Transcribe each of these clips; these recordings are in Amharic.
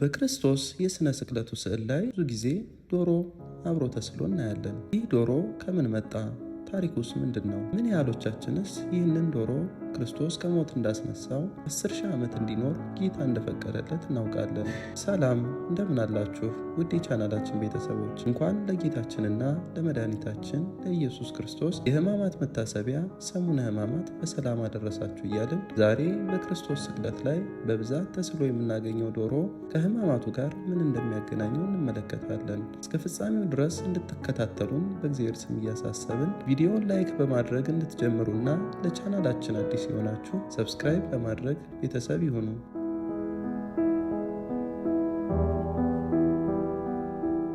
በክርስቶስ የሥነ ስቅለቱ ስዕል ላይ ብዙ ጊዜ ዶሮ አብሮ ተስሎ እናያለን። ይህ ዶሮ ከምን መጣ? ታሪኩስ ምንድን ነው? ምን ያህሎቻችንስ ይህንን ዶሮ ክርስቶስ ከሞት እንዳስነሳው አስር ሺህ ዓመት እንዲኖር ጌታ እንደፈቀደለት እናውቃለን። ሰላም እንደምን አላችሁ ውድ የቻናላችን ቤተሰቦች፣ እንኳን ለጌታችንና ለመድኃኒታችን ለኢየሱስ ክርስቶስ የሕማማት መታሰቢያ ሰሙነ ሕማማት በሰላም አደረሳችሁ እያልን ዛሬ በክርስቶስ ስቅለት ላይ በብዛት ተስሎ የምናገኘው ዶሮ ከሕማማቱ ጋር ምን እንደሚያገናኘው እንመለከታለን። እስከ ፍጻሜው ድረስ እንድትከታተሉን በእግዚአብሔር ስም እያሳሰብን ቪዲዮ ቪዲዮን ላይክ በማድረግ እንድትጀምሩና ለቻናላችን አዲስ የሆናችሁ ሰብስክራይብ በማድረግ ቤተሰብ ይሁኑ።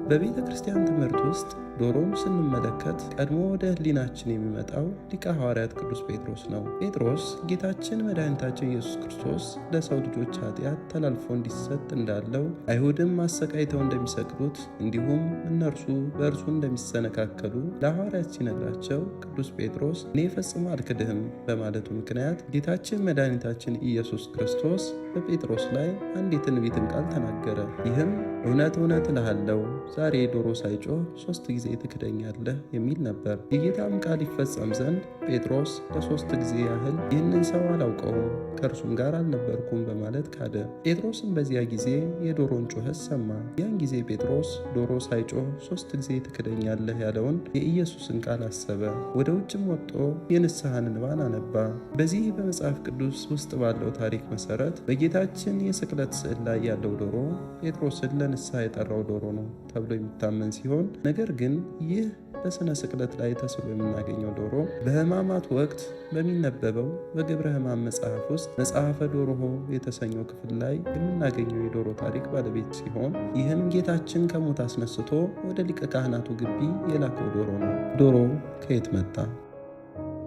በቤተ ክርስቲያን ትምህርት ውስጥ ዶሮም ስንመለከት ቀድሞ ወደ ህሊናችን የሚመጣው ሊቀ ሐዋርያት ቅዱስ ጴጥሮስ ነው። ጴጥሮስ ጌታችን መድኃኒታችን ኢየሱስ ክርስቶስ ለሰው ልጆች ኃጢአት ተላልፎ እንዲሰጥ እንዳለው፣ አይሁድም አሰቃይተው እንደሚሰቅሉት እንዲሁም እነርሱ በእርሱ እንደሚሰነካከሉ ለሐዋርያት ሲነግራቸው ቅዱስ ጴጥሮስ እኔ ፈጽሞ አልክድህም በማለቱ ምክንያት ጌታችን መድኃኒታችን ኢየሱስ ክርስቶስ በጴጥሮስ ላይ አንድ የትንቢትን ቃል ተናገረ። ይህም እውነት እውነት እልሃለሁ ዛሬ ዶሮ ሳይጮህ ሶስት ጊዜ ትክደኛለህ የሚል ነበር። የጌታም ቃል ይፈጸም ዘንድ ጴጥሮስ ለሶስት ጊዜ ያህል ይህንን ሰው አላውቀውም ከእርሱም ጋር አልነበርኩም በማለት ካደ። ጴጥሮስም በዚያ ጊዜ የዶሮን ጩኸት ሰማ። ያን ጊዜ ጴጥሮስ ዶሮ ሳይጮህ ሶስት ጊዜ ትክደኛለህ ያለውን የኢየሱስን ቃል አሰበ። ወደ ውጭም ወጥቶ የንስሐን ንባን አነባ። በዚህ በመጽሐፍ ቅዱስ ውስጥ ባለው ታሪክ መሰረት በጌታችን የስቅለት ስዕል ላይ ያለው ዶሮ ጴጥሮስን ለንስሐ የጠራው ዶሮ ነው ተብሎ የሚታመን ሲሆን ነገር ግን ግን ይህ በሥነ ስቅለት ላይ ተስሎ የምናገኘው ዶሮ በሕማማት ወቅት በሚነበበው በግብረ ሕማም መጽሐፍ ውስጥ መጽሐፈ ዶሮሆ የተሰኘው ክፍል ላይ የምናገኘው የዶሮ ታሪክ ባለቤት ሲሆን ይህም ጌታችን ከሞት አስነስቶ ወደ ሊቀ ካህናቱ ግቢ የላከው ዶሮ ነው። ዶሮ ከየት መጣ?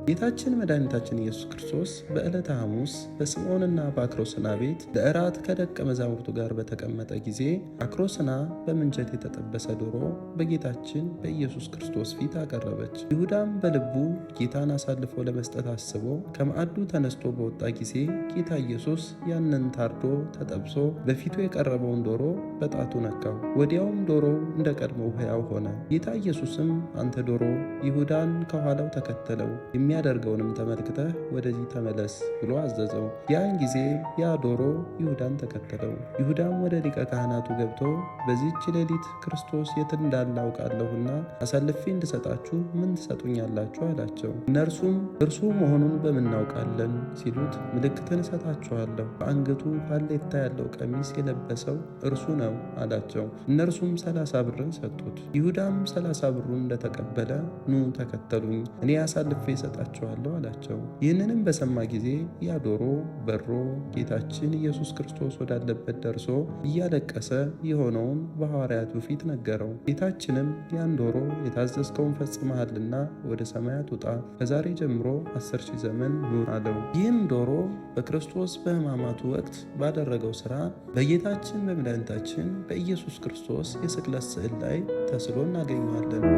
ጌታችን መድኃኒታችን ኢየሱስ ክርስቶስ በዕለተ ሐሙስ በስምዖንና በአክሮስና ቤት ለእራት ከደቀ መዛሙርቱ ጋር በተቀመጠ ጊዜ አክሮስና በምንቸት የተጠበሰ ዶሮ በጌታችን በኢየሱስ ክርስቶስ ፊት አቀረበች። ይሁዳም በልቡ ጌታን አሳልፎ ለመስጠት አስቦ ከማዕዱ ተነስቶ በወጣ ጊዜ ጌታ ኢየሱስ ያንን ታርዶ ተጠብሶ በፊቱ የቀረበውን ዶሮ በጣቱ ነካው። ወዲያውም ዶሮው እንደ ቀድሞው ሕያው ሆነ። ጌታ ኢየሱስም አንተ ዶሮ፣ ይሁዳን ከኋላው ተከተለው የሚያደርገውንም ተመልክተህ ወደዚህ ተመለስ ብሎ አዘዘው። ያን ጊዜ ያ ዶሮ ይሁዳን ተከተለው። ይሁዳም ወደ ሊቀ ካህናቱ ገብቶ በዚህች ሌሊት ክርስቶስ የት እንዳለ አውቃለሁና አሳልፌ እንድሰጣችሁ ምን ትሰጡኛላችሁ? አላቸው። እነርሱም እርሱ መሆኑን በምናውቃለን ሲሉት ምልክትን እሰጣችኋለሁ፣ በአንገቱ ሀሌታ ያለው ቀሚስ የለበሰው እርሱ ነው አላቸው። እነርሱም ሰላሳ ብርን ሰጡት። ይሁዳም ሰላሳ ብሩን እንደተቀበለ ኑ ተከተሉኝ፣ እኔ አሳልፌ ሰጣ እሰጣችኋለሁ አላቸው። ይህንንም በሰማ ጊዜ ያ ዶሮ በሮ ጌታችን ኢየሱስ ክርስቶስ ወዳለበት ደርሶ እያለቀሰ የሆነውን በሐዋርያቱ ፊት ነገረው። ጌታችንም ያን ዶሮ የታዘዝከውን ፈጽመሃልና ወደ ሰማያት ውጣ፣ ከዛሬ ጀምሮ አስር ሺህ ዘመን ኑር አለው። ይህም ዶሮ በክርስቶስ በሕማማቱ ወቅት ባደረገው ሥራ በጌታችን በመድኃኒታችን በኢየሱስ ክርስቶስ የስቅለት ስዕል ላይ ተስሎ እናገኘዋለን።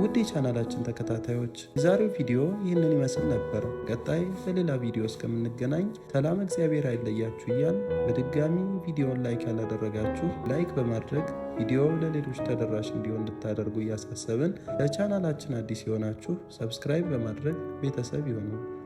ውድ የቻናላችን ተከታታዮች የዛሬው ቪዲዮ ይህንን ይመስል ነበር። ቀጣይ በሌላ ቪዲዮ እስከምንገናኝ ሰላም እግዚአብሔር አይለያችሁ እያል በድጋሚ ቪዲዮን ላይክ ያላደረጋችሁ ላይክ በማድረግ ቪዲዮ ለሌሎች ተደራሽ እንዲሆን እንድታደርጉ እያሳሰብን ለቻናላችን አዲስ የሆናችሁ ሰብስክራይብ በማድረግ ቤተሰብ ይሆኑ።